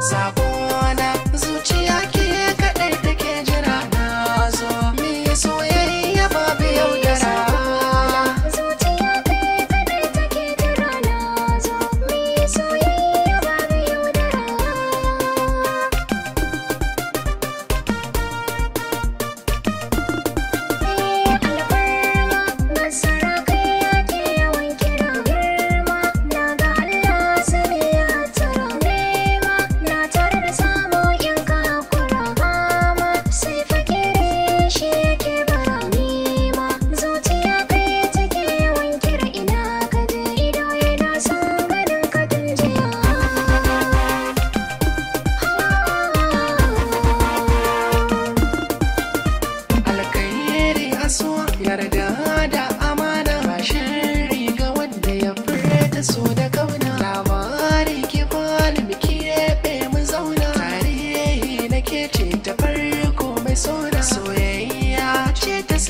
Sabor. this